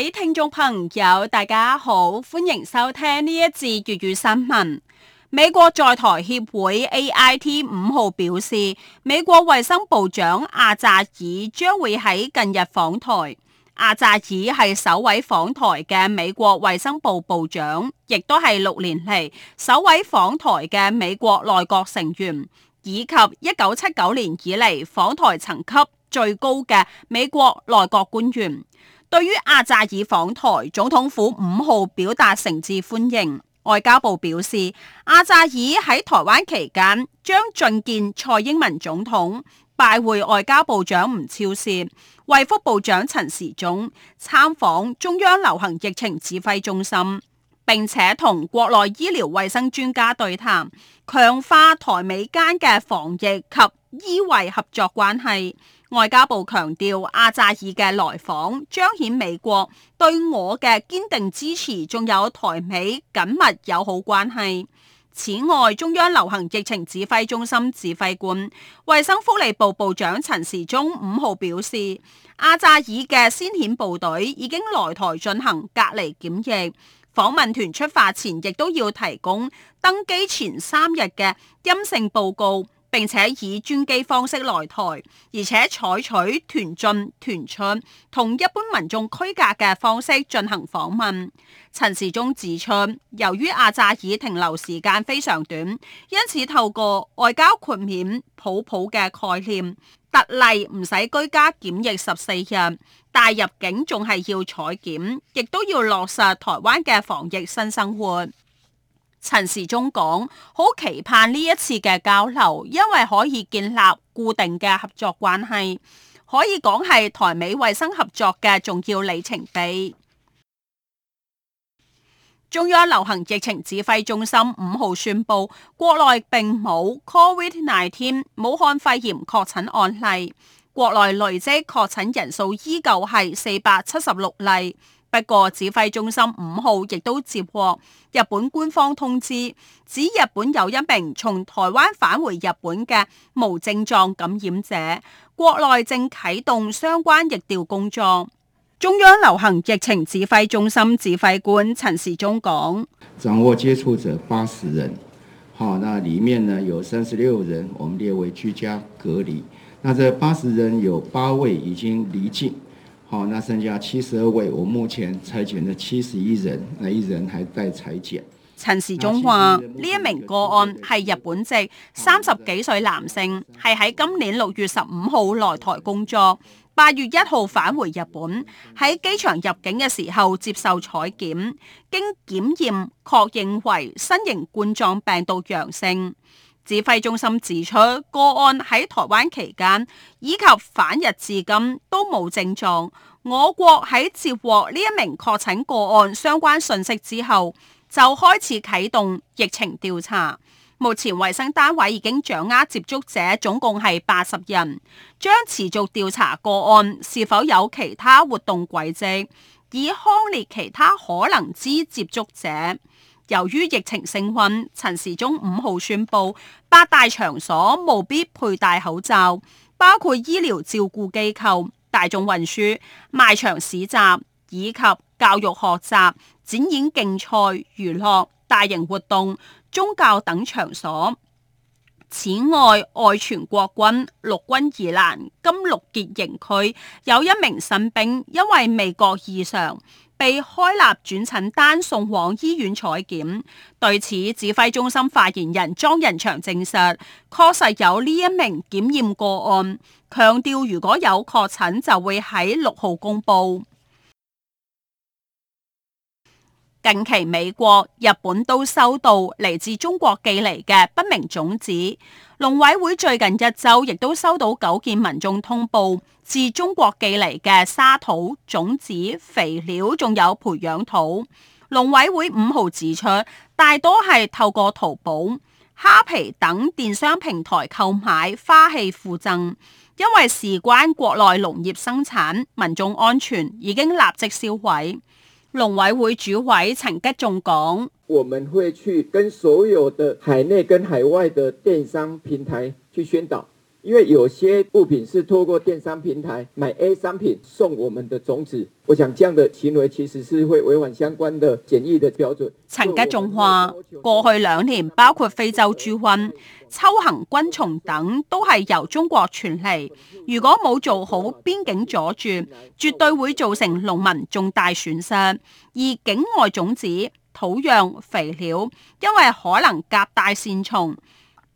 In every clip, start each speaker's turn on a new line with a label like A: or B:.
A: 各位聽眾朋友，大家好，歡迎收聽呢一節粵語新聞。美國在台協會 A I T 五號表示，美國衛生部長阿扎爾將會喺近日訪台。阿扎爾係首位訪台嘅美國衛生部部長，亦都係六年嚟首位訪台嘅美國內閣成員，以及一九七九年以嚟訪台層級最高嘅美國內閣官員。對於阿扎爾訪台，總統府五號表達誠摯歡迎。外交部表示，阿扎爾喺台灣期間將晉見蔡英文總統，拜會外交部長吳釗燮，衛福部長陳時中，參訪中央流行疫情指揮中心，並且同國內醫療衛生專家對談，強化台美間嘅防疫及醫衛合作關係。外交部強調，阿扎爾嘅來訪彰顯美國對我嘅堅定支持，仲有台美緊密友好關係。此外，中央流行疫情指揮中心指揮官、衛生福利部部部長陳時中五號表示，阿扎爾嘅先遣部隊已經來台進行隔離檢疫，訪問團出發前亦都要提供登機前三日嘅陰性報告。並且以專機方式來台，而且採取團進團出同一般民眾區隔嘅方式進行訪問。陳時中指出，由於阿扎爾停留時間非常短，因此透過外交豁免普普嘅概念，特例唔使居家檢疫十四日，但入境仲係要採檢，亦都要落實台灣嘅防疫新生活。陳時中講，好期盼呢一次嘅交流，因為可以建立固定嘅合作關係，可以講係台美衛生合作嘅重要里程碑。中央流行疫情指揮中心五號宣布，國內並冇 COVID-19 武漢肺炎確診案例，國內累積確診人數依舊係四百七十六例。不過，指揮中心五號亦都接獲日本官方通知，指日本有一名從台灣返回日本嘅無症狀感染者，國內正啟動相關疫調工作。中央流行疫情指揮中心指揮官陳時中講：掌握接觸者八十人，好，那裡面呢有三十六人，我們列為居家隔離。那這八十人有八位已經離境。好，那剩下七十二位，我目前採檢咗七十一人，那一人還待採檢。陳時中話，呢一名個案係日本籍三十幾歲男性，係喺今年六月十五號來台工作，八月一號返回日本，喺機場入境嘅時候接受採檢，經檢驗確認為新型冠狀病毒陽性。指揮中心指出，個案喺台灣期間以及返日至今都冇症狀。我國喺接獲呢一名確診個案相關訊息之後，就開始啟動疫情調查。目前衛生單位已經掌握接觸者總共係八十人，將持續調查個案是否有其他活動軌跡，以匡列其他可能之接觸者。由於疫情升溫，陳時中五號宣布八大場所務必佩戴口罩，包括醫療照顧機構、大眾運輸、賣場市集以及教育學習、展演競賽、娛樂、大型活動、宗教等場所。此外，外傳國軍陸軍宜蘭金六結營區有一名新兵因為味覺異常。被開立轉診單送往醫院採檢。對此，指揮中心發言人莊人祥，祥證實，確實有呢一名檢驗個案，強調如果有確診，就會喺六號公佈。近期美國、日本都收到嚟自中國寄嚟嘅不明種子，農委會最近一周亦都收到九件民眾通報，自中國寄嚟嘅沙土、種子、肥料，仲有培養土。農委會五號指出，大多係透過淘寶、蝦皮等電商平台購買花器附贈，因為事關國內農業生產、民眾安全，已經立即銷毀。農委會主委陳吉仲講：我們會去跟所有的海內跟海外的電商平台去宣導。因為有些物品是透過電商平台買 A 商品，送我們的種子，我想這樣的行為其實是會違反相關的檢疫的標準。陳吉仲話：過去兩年，包括非洲豬瘟、秋行軍蟲等，都係由中國傳嚟。如果冇做好邊境阻絕，絕對會造成農民重大損失。而境外種子、土壤、肥料，因為可能夾帶線蟲。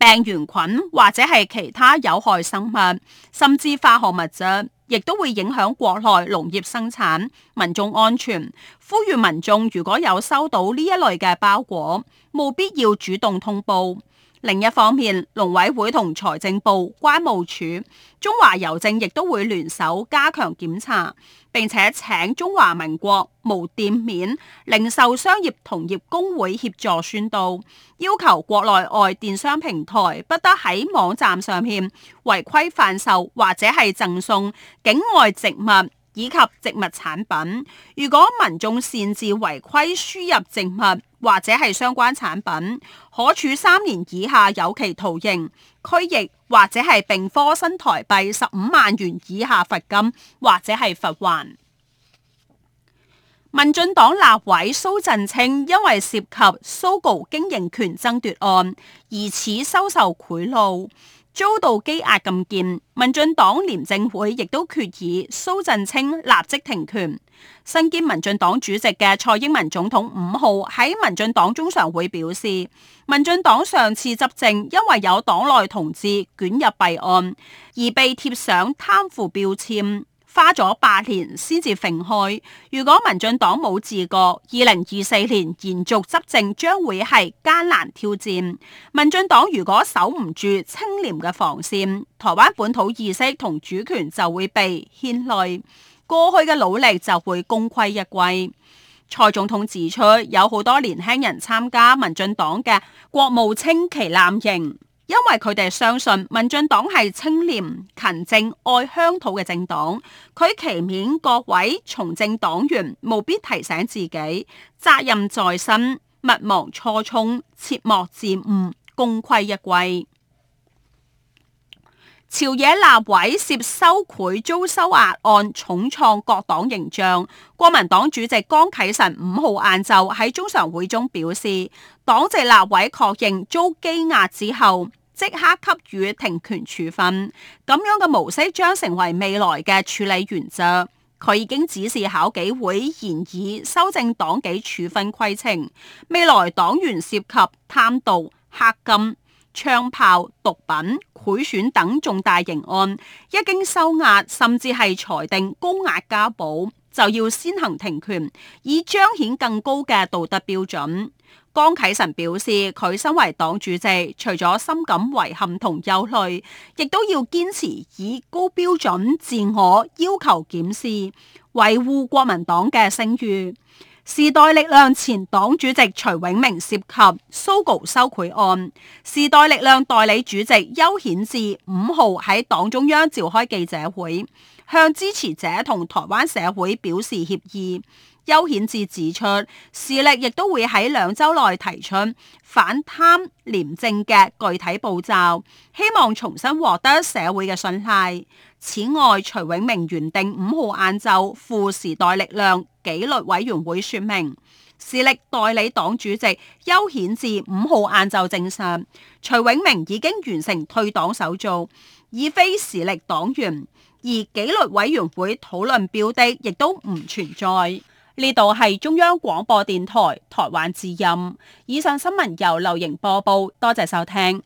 A: 病原菌或者係其他有害生物，甚至化學物質，亦都會影響國內農業生產、民眾安全。呼籲民眾如果有收到呢一類嘅包裹，務必要主動通報。另一方面，農委會同財政部、關務署、中華郵政亦都會聯手加強檢查，並且請中華民國無店面零售商業同業公會協助宣導，要求國內外電商平台不得喺網站上便違規販售或者係贈送境外植物以及植物產品，如果民眾擅自違規輸入植物或者係相關產品，可處三年以下有期徒刑、拘役或者係並科新台幣十五萬元以下罰金或者係罰鍰。民進黨立委蘇震清因為涉及 SOGO 經營權爭奪案疑似收受賄賂，遭到羈押禁見，民進黨廉政會亦都決議蘇震清立即停權。身兼民進黨主席嘅蔡英文總統五號喺民進黨中常會表示，民進黨上次執政因為有黨內同志捲入弊案而被貼上貪腐標籤。花咗八年先至揈開，如果民進黨冇自覺，二零二四年延續執政將會係艱難挑戰。民進黨如果守唔住清廉嘅防線，台灣本土意識同主權就會被牽累，過去嘅努力就會功虧一簣。蔡總統指出，有好多年輕人參加民進黨嘅國務青旗艦營。因為佢哋相信民進黨係清廉勤政愛鄉土嘅政黨，佢期勉各位從政黨員務必提醒自己，責任在身，勿忘初衷，切莫自誤，功虧一簣。朝野立委涉收賄、遭收押案，重創各黨形象。國民黨主席江啟臣五號晏晝喺中常會中表示，黨籍立委確認遭羈押之後。即刻給予停權處分，咁樣嘅模式將成為未來嘅處理原則。佢已經指示考紀會，研議修正黨紀處分規程。未來黨員涉及貪瀆、黑金、槍炮、毒品、賄選等重大刑案，一經收押，甚至係裁定高額交保，就要先行停權，以彰顯更高嘅道德標準。江啟臣表示，佢身為黨主席，除咗深感遺憾同憂慮，亦都要堅持以高標準自我要求檢視，維護國民黨嘅聲譽。時代力量前黨主席徐永明涉及 SOGO 收賄案，時代力量代理主席邱顯智五號喺黨中央召開記者會，向支持者同台灣社會表示歉意。邱顯智指出，時力亦都會喺兩週內提出反貪廉政嘅具體步驟，希望重新獲得社會嘅信賴。此外，徐永明原定五號晏晝赴時代力量紀律委員會說明，時力代理黨主席邱顯智五號晏晝證實，徐永明已經完成退黨手續，已非時力黨員。而紀律委員會討論標的亦都唔存在。呢度係中央廣播電台台灣之音。以上新聞由劉瑩播報，多謝收聽。